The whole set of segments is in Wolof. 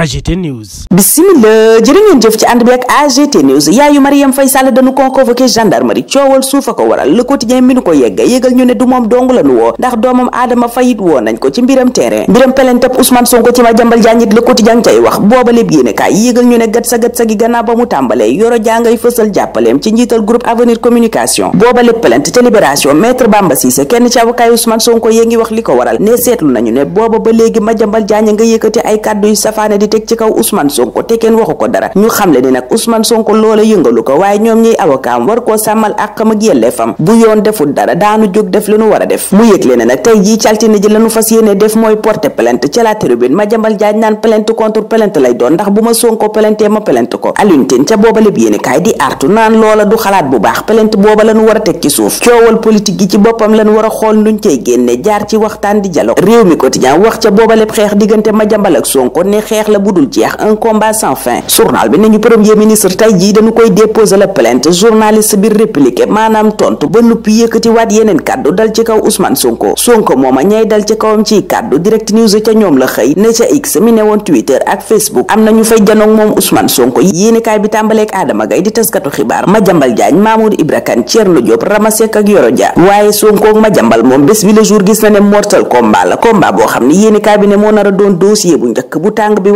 AGT News. bisimilah jëf ci ànd bi ak AGT News yaayu Mariam Faye Sall dañu ko convoqué gendarmerie coowal suuf a ko waral le quotidien mi ko yegg yégal ñu ne du moom dong la woo ndax doomam Adama Faye woo nañ ko ci mbiram terrain mbiram pelentep Ousmane Sonko ci ma jambal jaanit le quotidien cay wax booba lépp yéene kaay yégal ñu ne gat sa gat sa gi gannaaw ba mu tàmbalee yoro jàngay fësal jàppaleem ci njiital groupe avenir communication teg ci kaw Ousmane Sonko te kenn waxu ko dara ñu xamle ni nag Ousmane Sonko loola yëngalu ko waaye ñoom ñuy avocat war koo sàmmal àqam ak yelleefam bu yoon deful dara daanu jóg def li nu a def mu yëgle ne nag tey caltine ji lañu fas yéene def mooy porter plainte ca la tribune ma jambal jaaj naan plainte contre plainte lay doon ndax bu ma Sonko plainte ma plainte ko Alioune Tine ca boobaleb yéenekaay di artu naan loola du xalaat bu baax plainte booba lañu a teg ci a xool nuñ mi quotidien wax ca boobaleb xeex diggante ma jambal ak bu dul jeex un combat sans fin journal bi nañu premier ministre tey jii dañu koy déposer la plainte journaliste bi répliqué maanaam tontu ba nuppi yëkkati waat yeneen kàddu dal ci kaw Ousmane Sonko Sonko mooma ñay dal ci kawam ciy kàddu direct news ca ñoom la xëy ne ca X mi ne woon Twitter ak Facebook am nañu fay janoog moom Ousmane Sonko yéenekaay bi tàmbaleek Adama Gaye di taskatu xibaar Madiambal Diagne Mamour Ibra Kane Thierno Diop Ramasek ak Yoro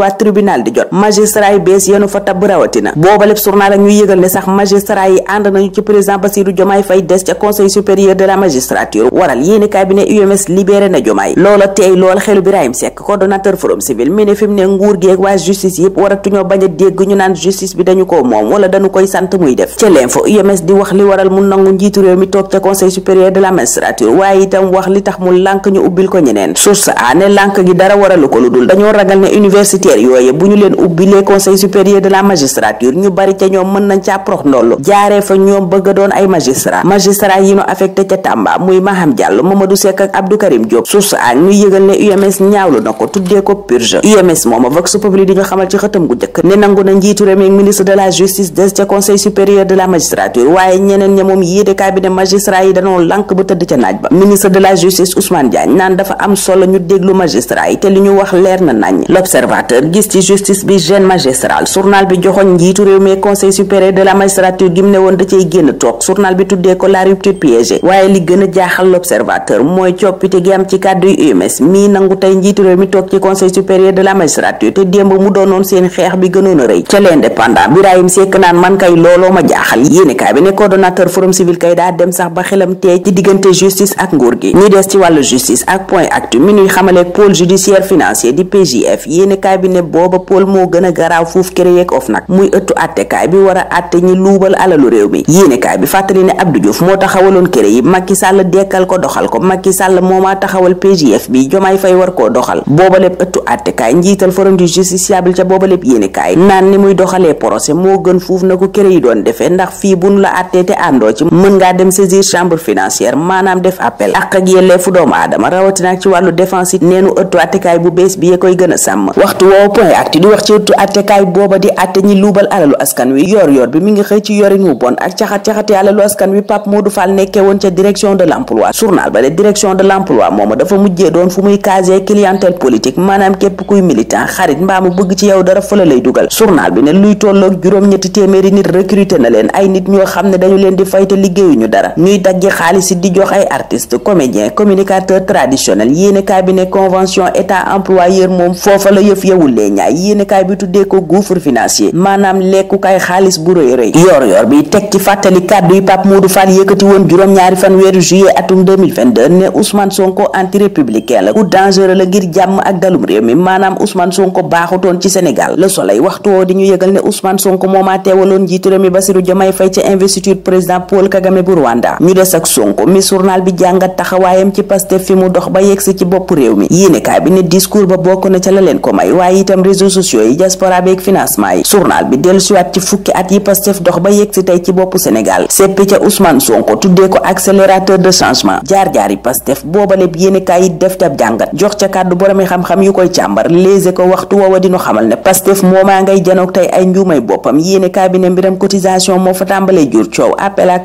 a tribunal di jot magistrat yi bees yéenu fa tabb rawatina booba lépp ak ñuy yëgal ne sax magistrat yi ànd nañu ci président Bassirou Diomaye Faye des ca conseil supérieur de la magistrature waaye itam wax li tax mu lànk ñu ubbil ko ñeneen source a ne lànk gi dara waralu ko lu dul dañoo ragal ne université secteur yooye bu ñu leen ubbi les conseils supérieurs de la magistrature ñu bari ca ñoom mën nañ ca prox ndollu jaaree fa ñoom bëgg doon ay magistrat magistrat yi ñu affecté ca Tamba muy Maham Diallo Mamadou Seck ak vox populi di ñu xamal ci xëtam gu njëkk ne nangu na njiitu réew ministre de la justice des ca conseil supérieur de la magistrature waaye ñeneen ña moom yii de magistrat yi danoo lànk ba tëdd ca naaj ba ministre de la justice Ousmane Diagne naan gis ci justice bi gêne magistral journal bi joxoñ njiitu réew conseil supérieur de la magistrature gim ne woon da cay génn toog journal bi tuddee ko la rupture piégée waaye li gën jaaxal l'observateur mooy coppite gi ci kàddu yu UMS nangu tey njiitu mi toog ci conseil supérieur de la magistrature te démb mu doonoon seen xeex bi gënoon a rëy ca l'indépendant Birahim Seck naan man kay looloo ma jaaxal yéenekaay bi ne coordonnateur forum ci ne booba pôle moo gën a garaaw fuuf CREEC OFNAC muy ëttu attekaay bi war a atte ñi luubal alalu réew mi yéenekaay bi fàttali ne Abdou Diouf moo taxawaloon CREEC yi Macky Sall dekkal ko doxal ko Macky Sall moomaa taxawal PJF bi Jomaay Fay war koo doxal booba lépp ëttu attekaay njiital forum du justiciable ca booba lépp yéenekaay naan ni muy doxalee procès moo gën fuuf na ko CREEC yi doon defee ndax fii buñ la attee te àndoo ci mën ngaa dem saisir chambre financière maanaam def appel ak ak yelleefu doomu aadama rawatina ci wàllu défense it neenu ëttu attekaay bu bees bi yee koy gën a sàmm waxtu info point actu di wax ci ëttu attekaay booba di atte ñi luubal alalu askan wi yor yor bi mi ngi xëy ci yorin bon ak caxat-caxatee alalu askan wi Pape Modou Fall nekkee woon ca direction de l'emploi journal ba de direction de l'emploi mooma dafa mujjee doon fu muy casé clientèle politique maanaam képp kuy militant xarit mbaa mu bëgg ci yow dara fëla lay dugal journal bi ne luy tolloog juróom-ñetti téeméeri nit recruté na leen ay nit ñoo xam ne dañu leen di fay Ndeye Ndiaye yéenekaay bi tuddee ko gouffre financier maanaam lekkukaay xaalis bu rëy rëy yor yor bi teg ci fàttali kàddu yi Pape Modou Fall yëkkati woon juróom-ñaari fan weeru juillet atum 2022 ne Ousmane Sonko anti-républicain la ku dangereux la ngir jàmm ak dalum réew mi maanaam Ousmane Sonko baaxutoon ci Sénégal Le Soleil waxtu woo di ñu yëgal ne Ousmane Sonko moomaa teewaloon njiitu réew mi Bassirou Diomaye Faye ca investiture président Paul Kagame bu Rwanda ñu des ak fi mu dox ba yegsi bopp réew mi yéenekaay bi ne discours ba itam réseaux sociaux yi diaspora beeg financement yi journal bi dellu siwaat ci fukki at yi Pastef dox ba yegg si ci boppu Sénégal seppi ca Ousmane Sonko tuddee ko accélérateur de changement jaar-jaari Pastef boobaleb yéenekaay it def ab jàngat jox ca kàddu boroomi xam-xam yu koy càmbar léese ko waxtu woowa dinu xamal ne Pastef moomaa ngay janoog tey ay njuumay boppam yéenekaay bi ne mbiram cotisation moo fa tàmbalee jur coow appel à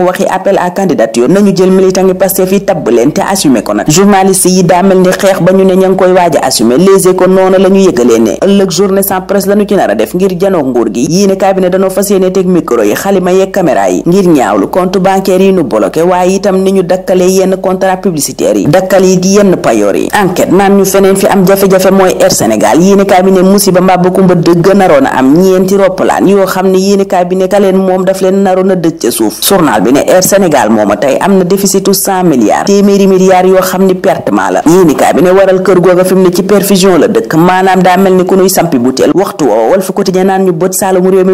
wax waxi appel à candidature nañu jël militant yi Pastef yi tabb leen te assumé ko nag journaliste yi daa ni xeex ba ne ña koy waaj a Les Échos noonu la ñu yëgalee ne ëllëg journée sans presse la ñu ci nar a def ngir janoo nguur gi yii ne cabinet dañoo fas yi xalima yeeg caméra yi ngir ñaawlu compte bancaire yi dakkal yi di yenn payoor yi enquête naan ñu feneen fi am jafe-jafe mooy Air Sénégal yii ne cabinet musiba mbaa ba bi ne Air Sénégal mooma tey am na déficitu cent milliards téeméeri milliards yoo xam ni pertement la yéenikaay bi ne waral kër googa fi mu ci perfusion la dëkk maanaam daa mel ni ku nuy sampi butéel waxtu woowa Walf Quotidien naan ñu bët saalamu réew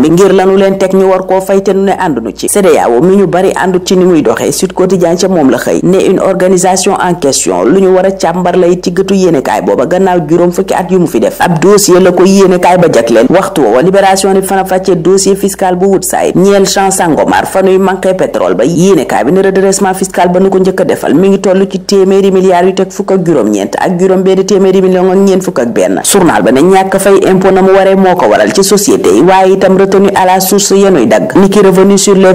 mi ngir lanu leen teg ñu war koo fay te nu ne àndunu ci CEDEAO mi ñu bari àndut ci ni muy doxee Sud Quotidien ca moom la xëy ne une organisation en question lu ñu war a càmbar lay ci yéenekaay booba dossier la ko yéene kaay ba jagleel waxtu woowa libération di fana fàcce dossier fiscal bu Woodside ñeel Champ Sangomar fa nuy manqué pétrole ba yéene bi ne redressement fiscal ba nu ko njëkk a defal mi ngi toll ci téeméeri milliards yu teg fukk ak juróom-ñeent ak juróom benn téeméeri million ak ñeent fukk ak benn journal ba ne ñàkk fay impôt na mu waree moo ko waral ci société yi waaye itam retenue à la source yenuy dagg ni ki revenu sur le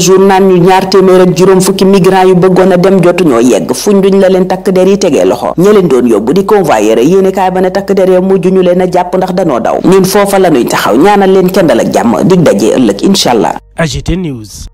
jour naan a dem jotuñoo yegg fuñ duñ la leen takk der yi tegee loxo ña doon yóbbu di convoyeur yéene kaay ba ne takk der ya mujj ñu leen a jàpp ndax danoo daw ñun foofa la ñuy taxaw ñaanal leen kendal ak jàmm dig dajee ëllëg incha allah AGT News